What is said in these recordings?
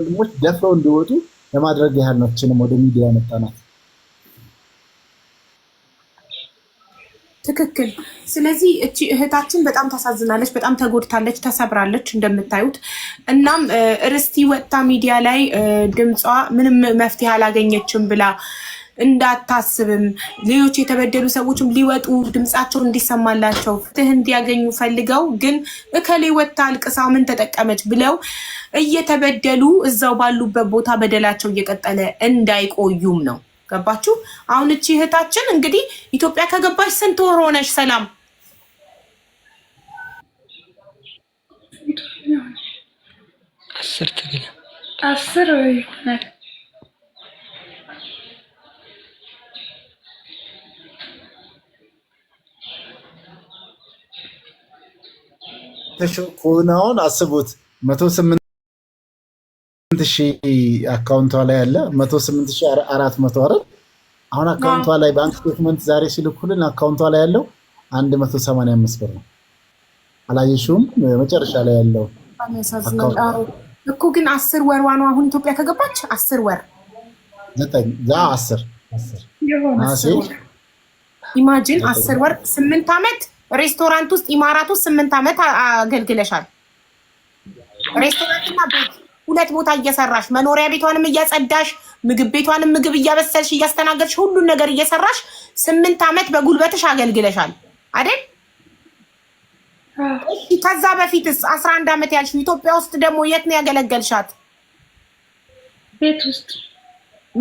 ፊልሞች ደፍረው እንዲወጡ ለማድረግ ያህል ነችንም ወደ ሚዲያ መጣናት። ትክክል። ስለዚህ እቺ እህታችን በጣም ታሳዝናለች፣ በጣም ተጎድታለች፣ ተሰብራለች እንደምታዩት። እናም እርስቲ ወጥታ ሚዲያ ላይ ድምጿ ምንም መፍትሄ አላገኘችም ብላ እንዳታስብም ሌሎች የተበደሉ ሰዎችም ሊወጡ ድምጻቸው እንዲሰማላቸው ፍትህ እንዲያገኙ ፈልገው ግን እከሌ ወታ አልቅሳ ምን ተጠቀመች ብለው እየተበደሉ እዛው ባሉበት ቦታ በደላቸው እየቀጠለ እንዳይቆዩም ነው። ገባችሁ? አሁን እቺ እህታችን እንግዲህ ኢትዮጵያ ከገባች ስንት ወር ሆነች ሰላም አስር ትግል አስር ወይ ኮናውን አስቡት። መቶ ስምንት ሺህ አካውንቷ ላይ አለ መቶ ስምንት ሺህ አራት መቶ አይደል? አሁን አካውንቷ ላይ ባንክ ስቴትመንት ዛሬ ሲልኩልን አካውንቷ ላይ ያለው አንድ መቶ ሰማንያ አምስት ብር ነው። አላየሽውም? መጨረሻ ላይ ያለው እኮ ግን አስር ወር ዋኑ አሁን ኢትዮጵያ ከገባች አስር ወር ዘጠኝ ዛ አስር ኢማጂን አስር ወር ስምንት ዓመት ሬስቶራንት ውስጥ ኢማራት ውስጥ ስምንት ዓመት አገልግለሻል። ሬስቶራንትና ቤት ሁለት ቦታ እየሰራሽ መኖሪያ ቤቷንም እያጸዳሽ ምግብ ቤቷንም ምግብ እያበሰልሽ እያስተናገድሽ ሁሉን ነገር እየሰራሽ ስምንት ዓመት በጉልበትሽ አገልግለሻል አይደል? እሺ ከዛ በፊትስ አስራ አንድ ዓመት ያልሽ ኢትዮጵያ ውስጥ ደግሞ የት ነው ያገለገልሻት? ቤት ውስጥ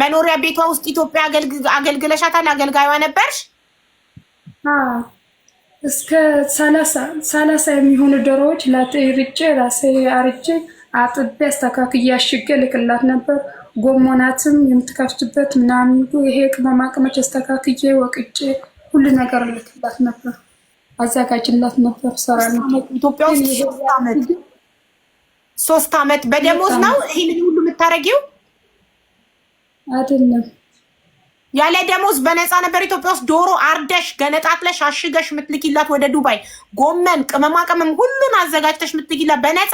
መኖሪያ ቤቷ ውስጥ ኢትዮጵያ አገልግለሻታል። አገልጋይዋ ነበርሽ። አዎ እስከ ሰላሳ የሚሆኑ ዶሮዎች ላርጬ ራሴ አርጬ አጥቤ አስተካክዬ አሽጌ ልክላት ነበር። ጎሞናትም የምትከፍትበት ምናምን ይሄ ቅመማ ቅመች አስተካክዬ ወቅጬ ሁሉ ነገር ልክላት ነበር፣ አዘጋጅላት ነበር። ሰራ ኢትዮጵያ ውስጥ ሶስት አመት በደሞዝ ነው ይህንን ሁሉ የምታረጊው አይደለም። ያለ ደሞዝ በነፃ ነበር ኢትዮጵያ ውስጥ ዶሮ አርደሽ ገነጣጥለሽ አሽገሽ ምትልኪላት ወደ ዱባይ፣ ጎመን፣ ቅመማ ቅመም ሁሉን አዘጋጅተሽ ምትልኪላት በነፃ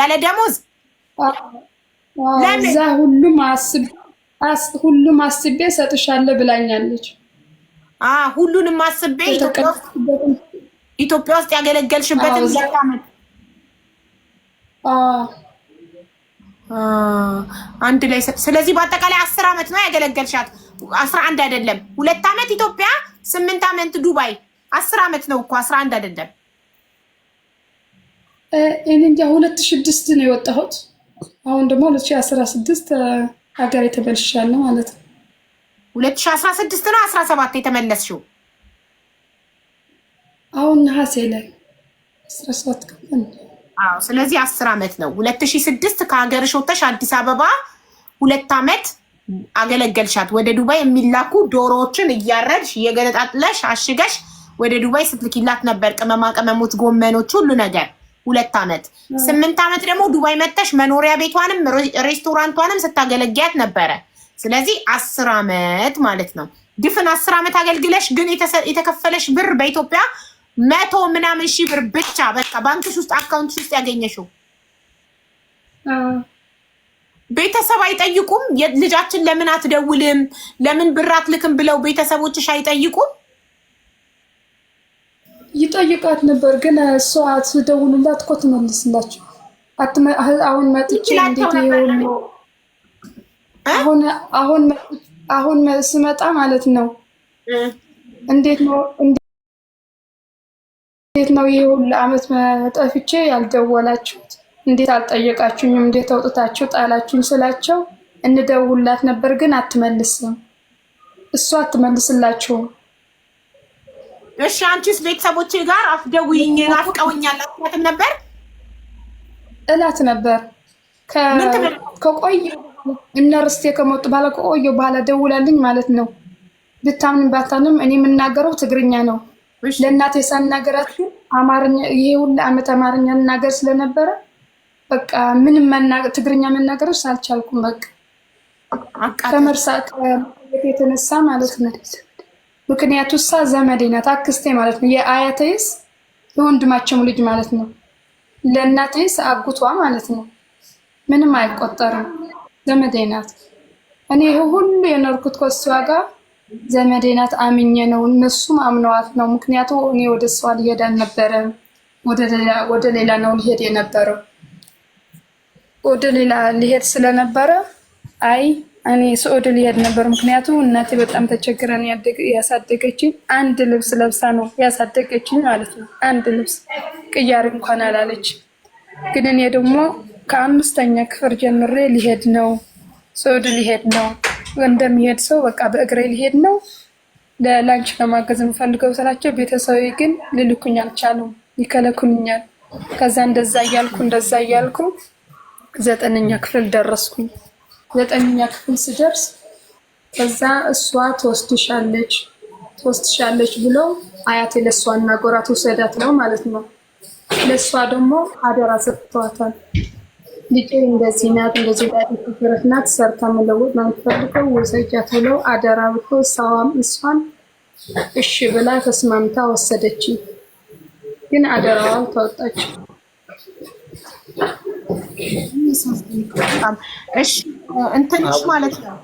ያለ ደሞዝ። እዛ ሁሉም አስቤ ሁሉም አስቤ ሰጥሻለሁ ብላኛለች። ሁሉንም አስቤ ኢትዮጵያ ውስጥ ያገለገልሽበትን ዘመን አንድ ላይ ስለዚህ በአጠቃላይ አስር ዓመት ነው ያገለገልሻት። አስራ አንድ አይደለም ሁለት ዓመት ኢትዮጵያ ስምንት ዓመት ዱባይ አስር ዓመት ነው እኮ አስራ አንድ አይደለም። እኔ እንጃ ሁለት ሺህ ስድስት ነው የወጣሁት። አሁን ደግሞ ሁለት ሺህ አስራ ስድስት ሀገር የተመልሻለሁ ማለት ነው። ሁለት ሺህ አስራ ስድስት ነው አስራ ሰባት የተመለስሽው አሁን ነሐሴ ላይ አስራ ሰባት ቀን ስለዚህ አስር ዓመት ነው። ሁለት ሺህ ስድስት ከሀገርሽ ወጥተሽ አዲስ አበባ ሁለት ዓመት አገለገልሻት። ወደ ዱባይ የሚላኩ ዶሮዎችን እያረድሽ እየገለጣጥለሽ አሽገሽ ወደ ዱባይ ስትልኪላት ነበር። ቅመማ ቅመሞች፣ ጎመኖች፣ ሁሉ ነገር ሁለት ዓመት ስምንት ዓመት ደግሞ ዱባይ መጥተሽ መኖሪያ ቤቷንም ሬስቶራንቷንም ስታገለግያት ነበረ። ስለዚህ አስር ዓመት ማለት ነው። ድፍን አስር ዓመት አገልግለሽ ግን የተከፈለሽ ብር በኢትዮጵያ መቶ ምናምን ሺህ ብር ብቻ በቃ ባንክሽ ውስጥ አካውንትሽ ውስጥ ያገኘሽው ቤተሰብ አይጠይቁም። ልጃችን ለምን አትደውልም፣ ለምን ብር አትልክም ብለው ቤተሰቦችሽ አይጠይቁም? ይጠይቃት ነበር ግን እሷ ስደውሉላት እኮ ትመልስላቸው። አሁን መጥቼ እንዴት አሁን ስመጣ ማለት ነው እንዴት ነው እንዴት ነው ይሄ ሁሉ አመት መጠፍቼ ያልደወላችሁት እንዴት አልጠየቃችሁኝም? እንዴት አውጥታችሁ ጣላችሁኝ ስላቸው እንደውላት ነበር ግን አትመልስም። እሷ አትመልስላችሁም። እሺ አንቺስ ቤተሰቦቼ ጋር አፍደውኝ ናፍቀውኛል አትላትም ነበር? እላት ነበር። ከቆየ እነ ርስቴ ከመጡ በኋላ ከቆየ በኋላ ደውላልኝ ማለት ነው። ብታምን ባታንም እኔ የምናገረው ትግርኛ ነው። ለእናቴ ሳናገራችሁ አማርኛ ይሄ ሁሉ ዓመት አማርኛ እናገር ስለነበረ በቃ ምንም ትግርኛ መናገር አልቻልኩም። በቃ ከመርሳት የተነሳ ማለት ነው። ምክንያቱ ሳ ዘመዴ ናት፣ አክስቴ ማለት ነው። የአያተይስ የወንድማቸው ልጅ ማለት ነው። ለእናቴስ አጉቷ ማለት ነው። ምንም አይቆጠርም፣ ዘመዴ ናት። እኔ ይሄ ሁሉ የኖርኩት ከሷ ጋር ዘመዴ ናት አምኜ ነው፣ እነሱም አምነዋት ነው። ምክንያቱ እኔ ወደ እሷ ልሄድ አልነበረም፣ ወደ ሌላ ነው ልሄድ የነበረው ወደ ሌላ ሊሄድ ስለነበረ አይ እኔ ስዑድ ሊሄድ ነበር። ምክንያቱም እናቴ በጣም ተቸግረን ያሳደገችኝ አንድ ልብስ ለብሳ ነው ያሳደገችኝ ማለት ነው። አንድ ልብስ ቅያሬ እንኳን አላለች። ግን እኔ ደግሞ ከአምስተኛ ክፍል ጀምሬ ሊሄድ ነው ስዑድ ሊሄድ ነው እንደሚሄድ ሰው በቃ በእግሬ ሊሄድ ነው ለላንች ለማገዝ የምፈልገው ስላቸው፣ ቤተሰብ ግን ልልኩኝ አልቻሉም፣ ይከለኩኛል። ከዛ እንደዛ እያልኩ እንደዛ እያልኩ ዘጠነኛ ክፍል ደረስኩኝ። ዘጠነኛ ክፍል ስደርስ ከዛ እሷ ትወስድሻለች ትወስድሻለች ብሎ አያቴ ለእሷ እናጎራ ትውሰዳት ነው ማለት ነው። ለእሷ ደግሞ አደራ ሰጥተዋታል። ልጅ እንደዚህ ናት፣ እንደዚህ ዳት ትኩረት ናት፣ ሰርታ መለወጥ ነው የምትፈልገው፣ ወሰጃት ብለው አደራ ብቶ እሷም እሷን እሺ ብላ ተስማምታ ወሰደች። ግን አደራዋን ተወጣች። እሺ እንትንሽ ማለት ነው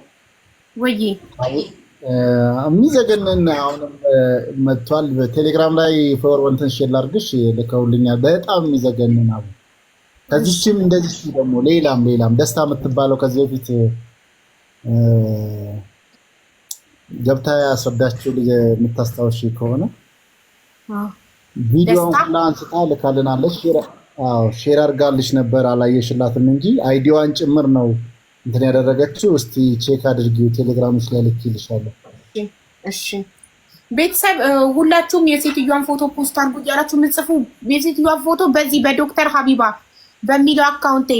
ወይ የሚዘገንን አሁንም መጥቷል። በቴሌግራም ላይ ፎርወርድ እንትን ሼር ላድርግሽ ልከውልኛል። በጣም የሚዘገንን አቡ ከዚችም እንደዚህ ደግሞ ሌላም ሌላም ደስታ የምትባለው ከዚህ በፊት ገብታ ያስረዳችው ልጅ የምታስታውሽ ከሆነ ቪዲዮውን ሁላ አንስታ ልካልናለች። አዎ ሼር አድርጋልሽ ነበር አላየሽላትም እንጂ አይዲዋን ጭምር ነው እንትን ያደረገችው። እስቲ ቼክ አድርጊው ቴሌግራምሽ ላይ ልክልሻለሁ። እሺ ቤተሰብ ሁላችሁም የሴትዮዋን ፎቶ ፖስት አድርጉ እያላችሁ የምጽፉ የሴትዮዋን ፎቶ በዚህ በዶክተር ሀቢባ በሚለው አካውንቴ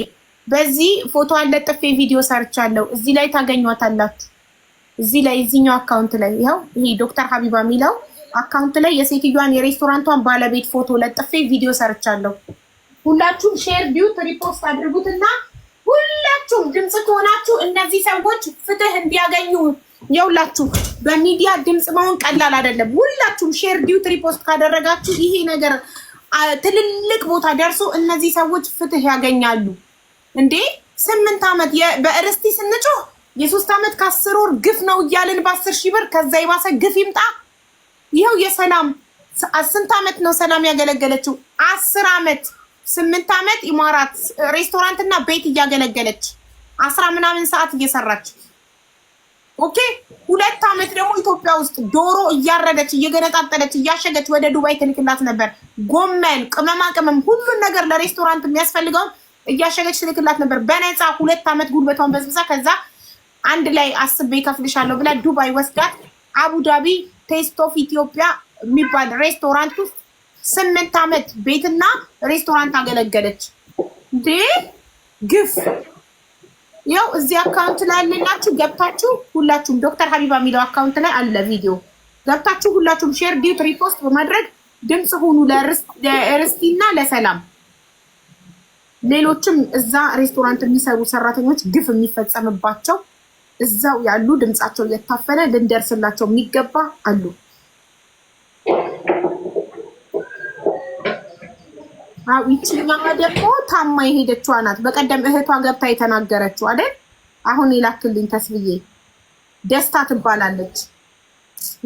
በዚህ ፎቶ አለጥፌ ቪዲዮ ሰርቻለሁ። እዚህ ላይ ታገኟታላችሁ። እዚህ ላይ እዚኛው አካውንት ላይ ይኸው ይሄ ዶክተር ሀቢባ የሚለው አካውንት ላይ የሴትዮዋን የሬስቶራንቷን ባለቤት ፎቶ ለጥፌ ቪዲዮ ሰርቻለሁ። ሁላችሁም ሼር ቢዩት ሪፖስት አድርጉትና ሁላችሁም ድምፅ ከሆናችሁ እነዚህ ሰዎች ፍትህ እንዲያገኙ የሁላችሁ በሚዲያ ድምፅ መሆን ቀላል አይደለም። ሁላችሁም ሼር ዲዩት ሪፖስት ካደረጋችሁ ይሄ ነገር ትልልቅ ቦታ ደርሶ እነዚህ ሰዎች ፍትህ ያገኛሉ። እንዴ ስምንት ዓመት በእርስቲ ስንጮህ የሶስት ዓመት ከአስር ወር ግፍ ነው እያልን በአስር ሺህ ብር ከዛ የባሰ ግፍ ይምጣ። ይኸው የሰላም ስንት ዓመት ነው ሰላም ያገለገለችው? አስር ዓመት ስምንት ዓመት ኢማራት ሬስቶራንት እና ቤት እያገለገለች አስራ ምናምን ሰዓት እየሰራች ኦኬ። ሁለት ዓመት ደግሞ ኢትዮጵያ ውስጥ ዶሮ እያረደች እየገነጣጠለች እያሸገች ወደ ዱባይ ትልክላት ነበር። ጎመን፣ ቅመማ ቅመም፣ ሁሉን ነገር ለሬስቶራንት የሚያስፈልገውን እያሸገች ትልክላት ነበር በነፃ ሁለት ዓመት ጉልበቷን በዝብዛ ከዛ አንድ ላይ አስቤ ከፍልሻለሁ ብላ ዱባይ ወስዳት አቡዳቢ ቴስት ኦፍ ኢትዮጵያ የሚባል ሬስቶራንት ውስጥ ስምንት ዓመት ቤትና ሬስቶራንት አገለገለች። እንዴ ግፍ! ያው እዚህ አካውንት ላይ ያለላችሁ ገብታችሁ ሁላችሁም ዶክተር ሀቢባ የሚለው አካውንት ላይ አለ ቪዲዮ ገብታችሁ ሁላችሁም ሼር ዲዩት ሪፖስት በማድረግ ድምፅ ሆኑ ለእርስቲና ለሰላም። ሌሎችም እዛ ሬስቶራንት የሚሰሩ ሰራተኞች ግፍ የሚፈጸምባቸው እዛው ያሉ ድምፃቸው እየታፈነ ልንደርስላቸው የሚገባ አሉ። ይችኛዋ ደግሞ ታማ የሄደችዋ ናት። በቀደም እህቷ ገብታ የተናገረችው አይደል? አሁን የላክልኝ ተስብዬ ደስታ ትባላለች።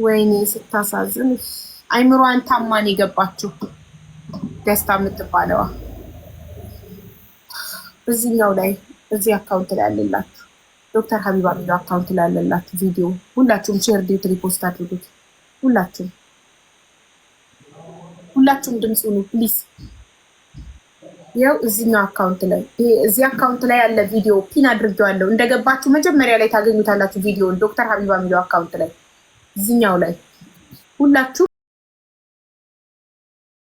ወይኔ ስታሳዝን፣ አይምሯን ታማን የገባችው ደስታ የምትባለዋ እዚህኛው ላይ እዚህ አካውንት ላይ ያለላችሁ ዶክተር ሀቢባ የሚለው አካውንት ላይ ያለላችሁ ቪዲዮ ሁላችሁም ሼር ዴት ሪፖስት አድርጉት። ሁላችሁም ሁላችሁም ድምፅ ሁኑ ፕሊዝ። ያው እዚኛው አካውንት ላይ እዚህ አካውንት ላይ ያለ ቪዲዮ ፒን አድርጌዋለሁ። እንደገባችሁ መጀመሪያ ላይ ታገኙታላችሁ ቪዲዮን ዶክተር ሀቢባ የሚለው አካውንት ላይ እዚኛው ላይ ሁላችሁ